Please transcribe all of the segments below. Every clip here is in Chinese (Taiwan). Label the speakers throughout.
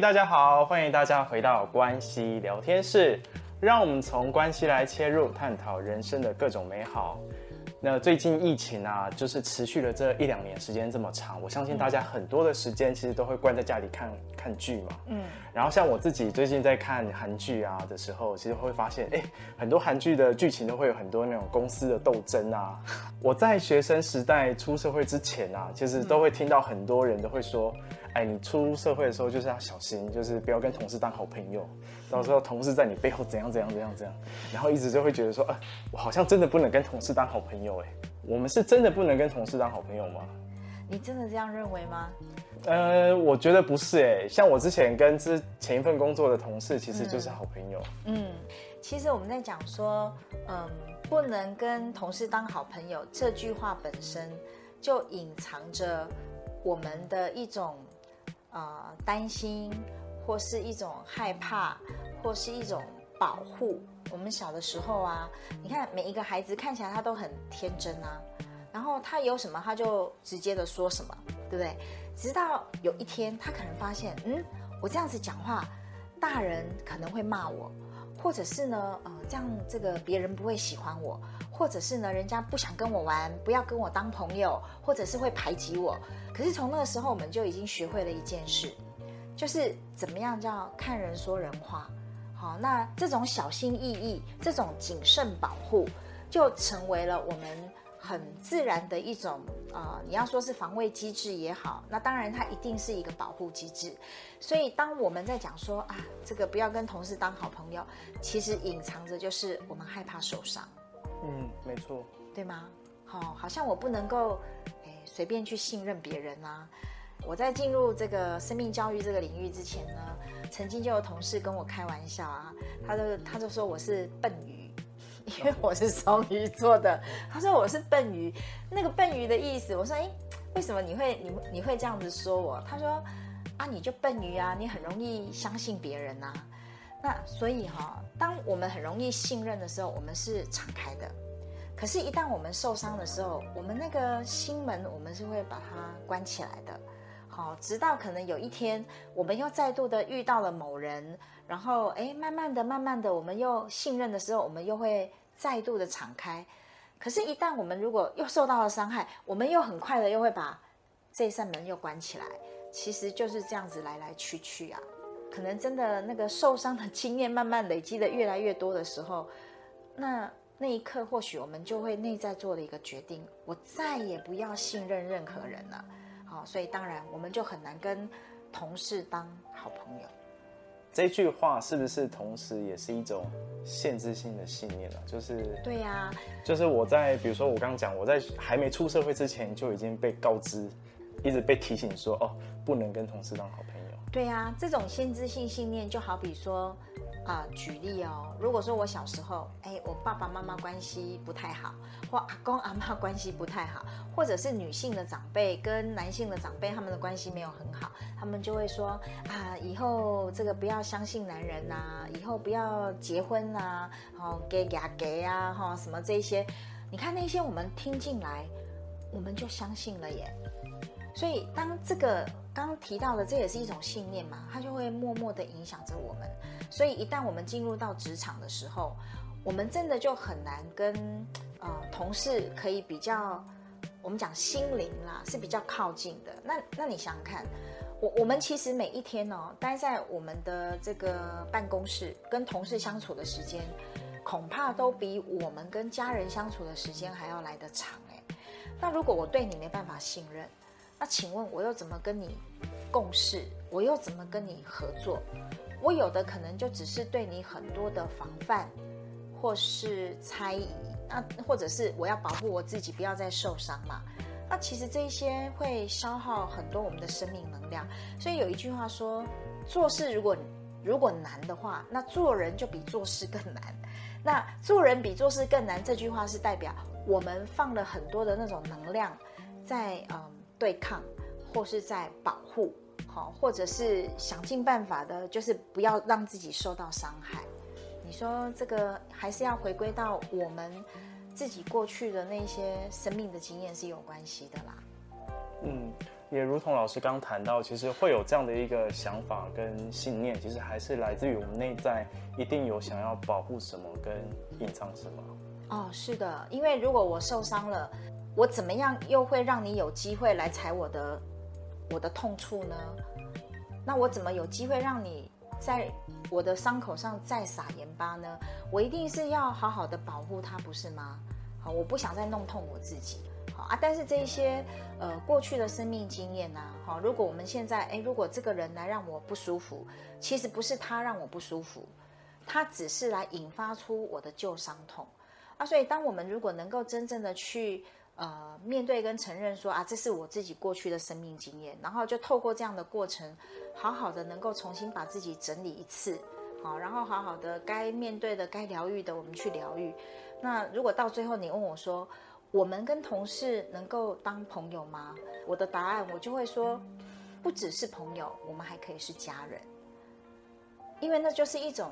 Speaker 1: 大家好，歡迎大家回到關係聊天室，讓我們從關係來切入，探討人生的各種美好。那最近疫情啊，就是持續了這一兩年時間這麼長，我相信大家很多的時間其實都會關在家裡看看劇嘛。嗯。然後像我自己最近在看韓劇啊的時候，其實會發現，哎，很多韓劇的劇情都會有很多那種公司的鬥爭啊。 我在學生時代出社會之前啊，其實都會聽到很多人都會說，哎，你出社會的時候就是要小心，就是不要跟同事當好朋友，到時候同事在你背後怎樣怎樣怎樣怎樣，然後一直就會覺得說，啊，我好像真的不能跟同事當好朋友。我們是真的不能跟同事當好朋友嗎？
Speaker 2: 你真的這樣認為嗎？
Speaker 1: 呃、嗯，我覺得不是誒、欸，像我之前跟之前一份工作的同事，其實就是好朋友嗯。
Speaker 2: 嗯，其實我們在講說，嗯，不能跟同事當好朋友這句話本身，就隱藏着我們的一種、呃、擔心，或是一種害怕，或是一種保護。我們小的時候啊，你看每一個孩子看起來他都很天真啊，然後他有什麼他就直接的說什麼，對不對？直到有一天他可能發現，嗯，我這樣子講話，大人可能會罵我，或者是呢，呃，這樣這個別人不會喜歡我，或者是呢，人家不想跟我玩，不要跟我當朋友，或者是會排擠我。可是從那個時候，我們就已經學會了一件事，就是怎麼樣叫看人說人話。好，那這種小心翼翼、這種謹慎保護，就成為了我們很自然的一種啊、呃。你要說是防衛機制也好，那當然它一定是一個保護機制。所以當我們在講說啊，這個不要跟同事當好朋友，其實隱藏着就是我們害怕受傷。
Speaker 1: 嗯，沒錯，
Speaker 2: 對嗎？好，好像我不能夠欸、隨便去信任別人啊。我在進入這個生命教育這個領域之前呢，曾經就有同事跟我開玩笑啊，他就他就說我是笨魚，因為我是雙魚座的，他說我是笨魚，那個笨魚的意思，我說哎，為什麼你會你你會這樣子說我？他說啊，你就笨魚啊，你很容易相信別人吶。那所以哈，當我們很容易信任的時候，我們是敞開的。可是，一旦我們受傷的時候，我們那個心門，我們是會把它關起來的。哦，直到可能有一天，我們又再度的遇到了某人，然後誒、哎，慢慢的、慢慢的，我們又信任的時候，我們又會再度的敞開。可是，一旦我們如果又受到了傷害，我們又很快的又會把這扇門又關起來。其實就是這樣子來來去去啊。可能真的那個受傷的經驗慢慢累積的越來越多的時候，那那一刻或許我們就會內在做了一個決定：我再也不要信任任何人了。哦，所以當然我們就很難跟同事當好朋友。
Speaker 1: 這句話是不是同時也是一種限制性的信念啊？就是
Speaker 2: 對呀，
Speaker 1: 啊，就是我在比如說我剛剛講，我在還沒出社會之前就已經被告知，一直被提醒說哦，不能跟同事當好朋
Speaker 2: 友。對呀，啊，這種限制性信念就好比說，啊，舉例哦，如果說我小時候，哎、欸，我爸爸媽媽關係不太好，或阿公阿媽關係不太好，或者是女性的長輩跟男性的長輩他們的關係沒有很好，他們就會說啊，以後這個不要相信男人吶、啊，以後不要結婚啊，好、哦，嫁呀嫁啊，哈、哦，什麼這些，你看那些我們聽進來，我們就相信了耶。所以，當這個剛剛提到的，這也是一種信念嘛，它就會默默的影響着我們。所以，一旦我們進入到職場的時候，我們真的就很難跟呃同事可以比較，我們講心靈啦是比較靠近的。那那你想看，我我們其實每一天哦，待在我們的這個辦公室跟同事相處的時間，恐怕都比我們跟家人相處的時間還要來得長誒。那如果我對你沒辦法信任，那請問我又怎麼跟你共事？我又怎麼跟你合作？我有的可能就只是對你很多的防範，或是猜疑，那或者是我要保護我自己，不要再受傷嘛。那其實這些會消耗很多我們的生命能量。所以有一句話說，做事如果如果難的話，那做人就比做事更難。那做人比做事更難，這句話是代表我們放了很多的那種能量在，嗯。對抗，或是在保護，好，或者是想盡辦法的，就是不要讓自己受到傷害。你說這個還是要回歸到我們自己過去的那些生命的經驗是有關係的啦。
Speaker 1: 嗯，也如同老師剛談到，其實會有這樣的一個想法跟信念，其實還是來自於我們內在，一定有想要保護什麼跟隱藏什麼。
Speaker 2: 哦，是的，因為如果我受傷了。我怎麼樣又會讓你有機會來踩我的我的痛處呢？那我怎麼有機會讓你在我的傷口上再撒鹽巴呢？我一定是要好好的保護它，不是嗎？好，我不想再弄痛我自己。好啊，但是這些呃過去的生命經驗呢、啊？好，如果我們現在誒、哎，如果這個人來讓我不舒服，其實不是他讓我不舒服，他只是來引發出我的舊傷痛啊。所以，當我們如果能夠真正的去。呃，面對跟承認說啊，這是我自己過去的生命經驗，然後就透過這樣的過程，好好的能夠重新把自己整理一次，好，然後好好的該面對的、該療癒的，我們去療癒。那如果到最後你問我說，我們跟同事能夠當朋友嗎？我的答案我就會說，不只是朋友，我們還可以是家人，因為那就是一種，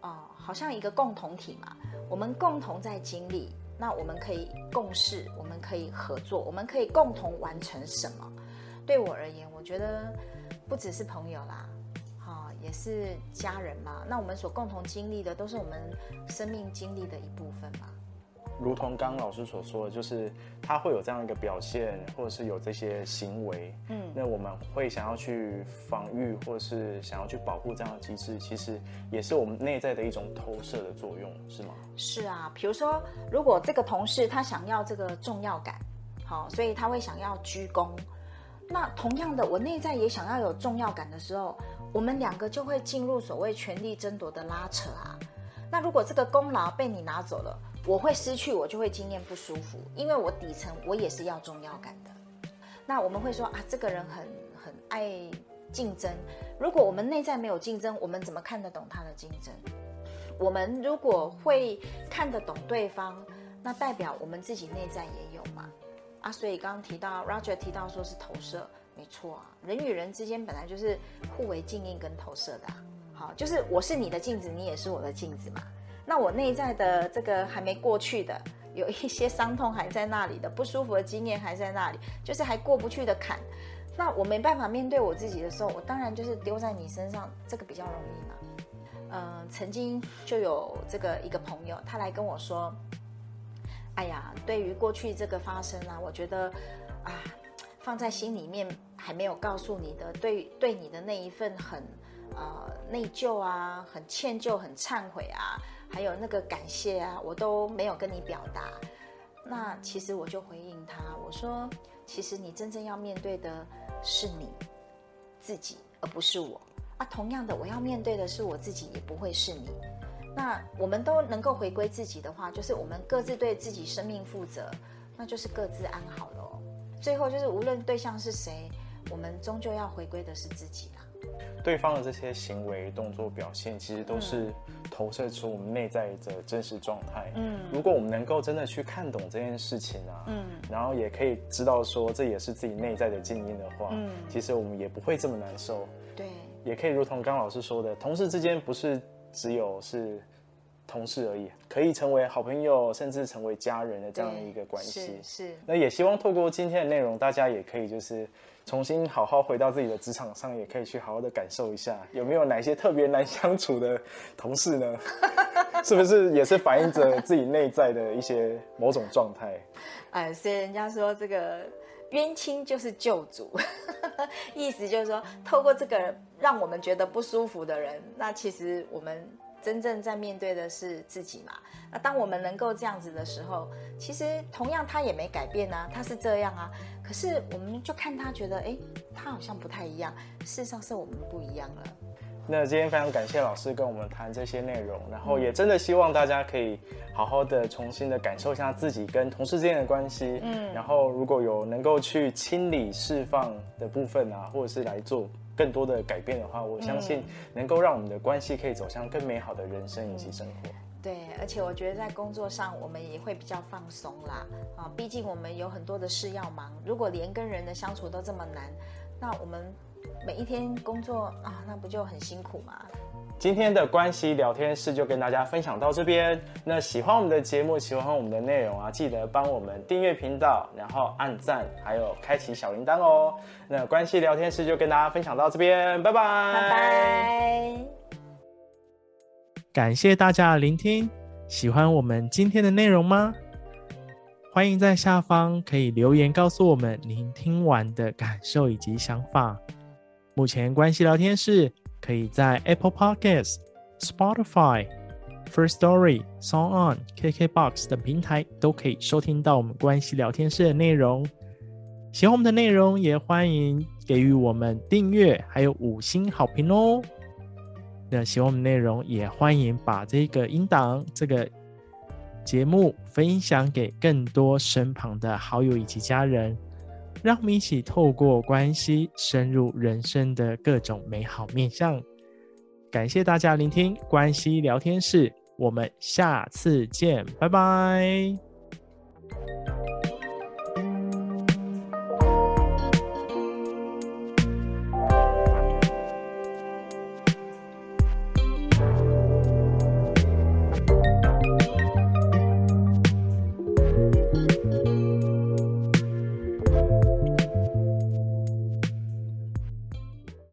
Speaker 2: 啊、呃，好像一個共同體嘛，我們共同在經歷。那我們可以共事，我們可以合作，我們可以共同完成什麼？對我而言，我覺得不只是朋友啦，哈，也是家人嘛。那我們所共同經歷的，都是我們生命經歷的一部分嘛。
Speaker 1: 如同剛剛老師所說的，就是他會有這樣一個表現，或者是有這些行為，嗯，那我們會想要去防禦，或者是想要去保護這樣的機制，其實也是我們內在的一種投射的作用，是嗎？
Speaker 2: 是啊，比如說，如果這個同事他想要這個重要感，好，所以他會想要居功。那同樣的，我內在也想要有重要感的時候，我們兩個就會進入所謂權力爭奪的拉扯啊。那如果這個功勞被你拿走了，我會失去，我就會經驗不舒服，因為我底層，我也是要重要感的。那我們會說啊，這個人很很愛競爭。如果我們內在沒有競爭，我們怎麼看得懂他的競爭？我們如果會看得懂對方，那代表我們自己內在也有嘛。啊，所以剛剛提到 Roger 提到說是投射，沒錯啊，人與人之間本來就是互為鏡映跟投射的啊。好，就是我是你的鏡子，你也是我的鏡子嘛。那我內在的這個還沒過去的，有一些傷痛還在那裡的，不舒服的經驗還在那裡，就是還過不去的坎。那我沒辦法面對我自己的時候，我當然就是丟在你身上，這個比較容易嘛。嗯、呃，曾經就有這個一個朋友，他來跟我說：“哎呀，對於過去這個發生啊，我覺得啊，放在心裡面還沒有告訴你的，對對你的那一份很。”呃，內疚啊，很歉疚，很懺悔啊，還有那個感謝啊，我都沒有跟你表達。那其實我就回應他，我說，其實你真正要面對的是你自己，而不是我啊。同樣的，我要面對的是我自己，也不會是你。那我們都能夠回歸自己的話，就是我們各自對自己生命負責，那就是各自安好咯。最後就是，無論對象是誰，我們終究要回歸的是自己啦。
Speaker 1: 對方的這些行為、動作、表現，其實都是投射出我們內在的真實狀態。嗯，如果我們能夠真的去看懂這件事情啊，嗯，然後也可以知道說這也是自己內在的靜音的話，嗯，其實我們也不會這麼難受。對，也可以如同剛剛老師說的，同事之間不是只有是。同事而已，可以成為好朋友，甚至成為家人的這樣的一個關係。是，是那也希望透過今天的內容，大家也可以就是重新好好回到自己的職場上，也可以去好好的感受一下，有沒有哪些特別難相處的同事呢？ 是不是也是反映着自己內在的一些某種狀態？
Speaker 2: 哎、呃，所以人家說這個冤親就是救主， 意思就是說，透過這個讓我們覺得不舒服的人，那其實我們。真正在面對的是自己嘛。那當我們能夠這樣子的時候，其實同樣他也沒改變啊，他是這樣啊。可是我們就看他覺得，誒，他好像不太一樣。事實上是我們不一樣了。
Speaker 1: 那今天非常感謝老師跟我們談這些內容，然後也真的希望大家可以好好的重新的感受一下自己跟同事之間的關係。嗯，然後如果有能夠去清理、釋放的部分啊，或者是來做。更多的改變的話，我相信能夠讓我們的關係可以走向更美好的人生以及生活。嗯，
Speaker 2: 對，而且我覺得在工作上我們也會比較放鬆啦。啊，畢竟我們有很多的事要忙，如果連跟人的相處都這麼難，那我們。每一天工作啊，那不就很辛苦嗎？
Speaker 1: 今天的關係聊天室就跟大家分享到這邊。那喜歡我們的節目，喜歡我們的內容啊，記得幫我們訂閱頻道，然後按讚，還有開啟小鈴鐺哦。那關係聊天室就跟大家分享到這邊，拜拜，拜拜！感謝大家的聆聽，喜歡我們今天的內容嗎？歡迎在下方可以留言告訴我們您聽完的感受以及想法。目前關係聊天室可以在 Apple Podcast、Spotify、Firstory、Song On、KK Box 等平台都可以收聽到我們關係聊天室的內容。喜歡我們的內容，也歡迎給予我們訂閱，還有五星好評哦。那喜歡我們的內容，也歡迎把這個音檔、這個節目分享給更多身旁的好友以及家人。讓我們一起透過關係深入人生的各種美好面向。感謝大家聆聽關係聊天室，我們下次見，拜拜。